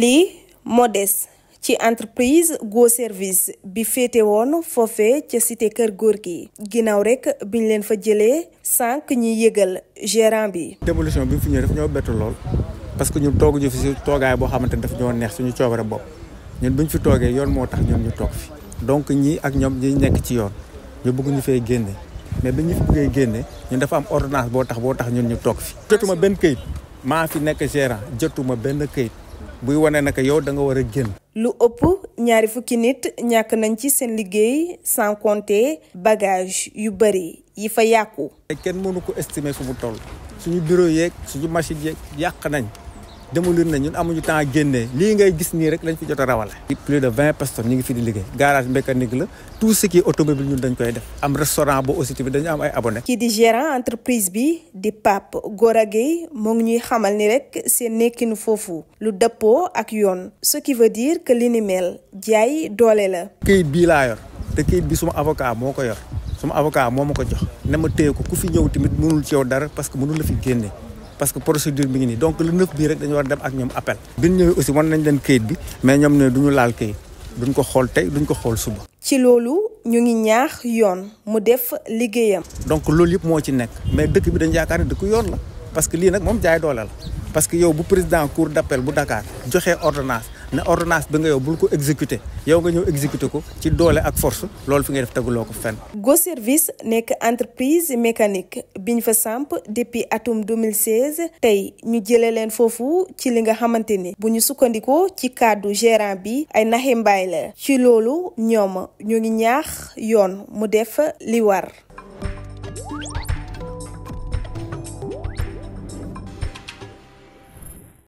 lii moo des ci entreprise Go Service bi féete woon foofe ca cité kër góor gi ginnaaw rek biñ leen fa jëlee sànq ñi yëgal gérant bi. dévolution bi fi ñu daf ñoo bett lool parce que ñun tooguñu fi si toogaay boo xamante ni daf ñoo neex suñu coobare bopp ñun buñ fi toogee yoon moo tax ñun ñu toog fi donc ñii ak ñoom ñi nekk ci yoon ñu bëgg ñu fay génne. mais bi ñu fi bëggee génne ñun dafa am ordonnance boo tax boo tax ñun ñu toog fi. jotuma benn këyit maa fi nekk gérant jotuma benn këyit buy wane naka yow da nga war a génn. lu ëpp ñaari fukki nit ñàkk nañ ci seen liggéey sans compter bagage yu bëri yi fa yàqu. kenn mënu ko estimer fu mu toll suñu bureau yeeg suñu machine yeeg yàq nañ. démolir na ñun amuñu temps génne lii ngay gis nii rek lañ fi jot a rawale. plus de vingt personnes ñu ngi fi di liggéey garage mécanique la tout ce qui est dañ koy def am restaurant ba aussi tamit dañu am ay abonnés. kii di gérant entreprise bi di Pape Gora Gueye moo ngi ñuy xamal ni rek seen nekkinu foofu lu dëppoo ak yoon ce qui veut dire que li ni mel jaay doole la. këyit bii laa yor te këyit bi suma avocat moo ko yor su suma avocat moo ma ko jox ne ma téye ko ku fi ñëw tamit mënul ci yow dara parce que mënul la fi génne. parce que procédure bi ngi nii donc le neuf bii rek dañu war a dem ak ñoom appel. bi ñu ñëwee aussi wan nañ leen kayit bi mais ñoom ne du ñu laal kayit duñ ko xool tey duñ ko xool suba. ci loolu ñu ngi ñaax yoon mu def liggéeyam. donc loolu yëpp moo ci nekk mais dëkk bi dañu yaakaar ne dëkk yoon la parce que lii nag moom jaay doole la parce que yow bu président cour d'appel bu Dakar joxe ordonnance. na ordonnance bi nga yow bul ko exécuter yow nga ñëw exécuter ko ci doole ak force loolu fi ngay def teguloo ko fenn. Go Service nekk entreprise mécanique biñ fa samp depuis atum 2016 tey ñu jëlee leen foofu ci li nga xamante ni bu ñu sukkandikoo ci kàddu gérant bi ay naxe mbaay la ci loolu ñoom ñu ngi ñaax yoon mu def li war.